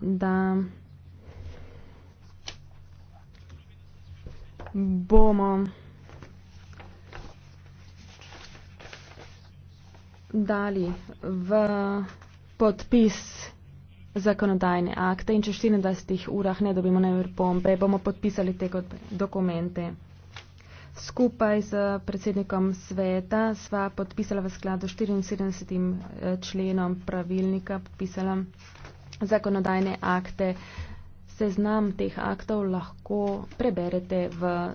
da bomo dali v podpis zakonodajne akte in če 14 urah ne dobimo najver pompe, bomo podpisali te kot dokumente. Skupaj z predsednikom sveta sva podpisala v skladu 74. Eh, členom pravilnika, podpisala zakonodajne akte. Seznam teh aktov lahko preberete v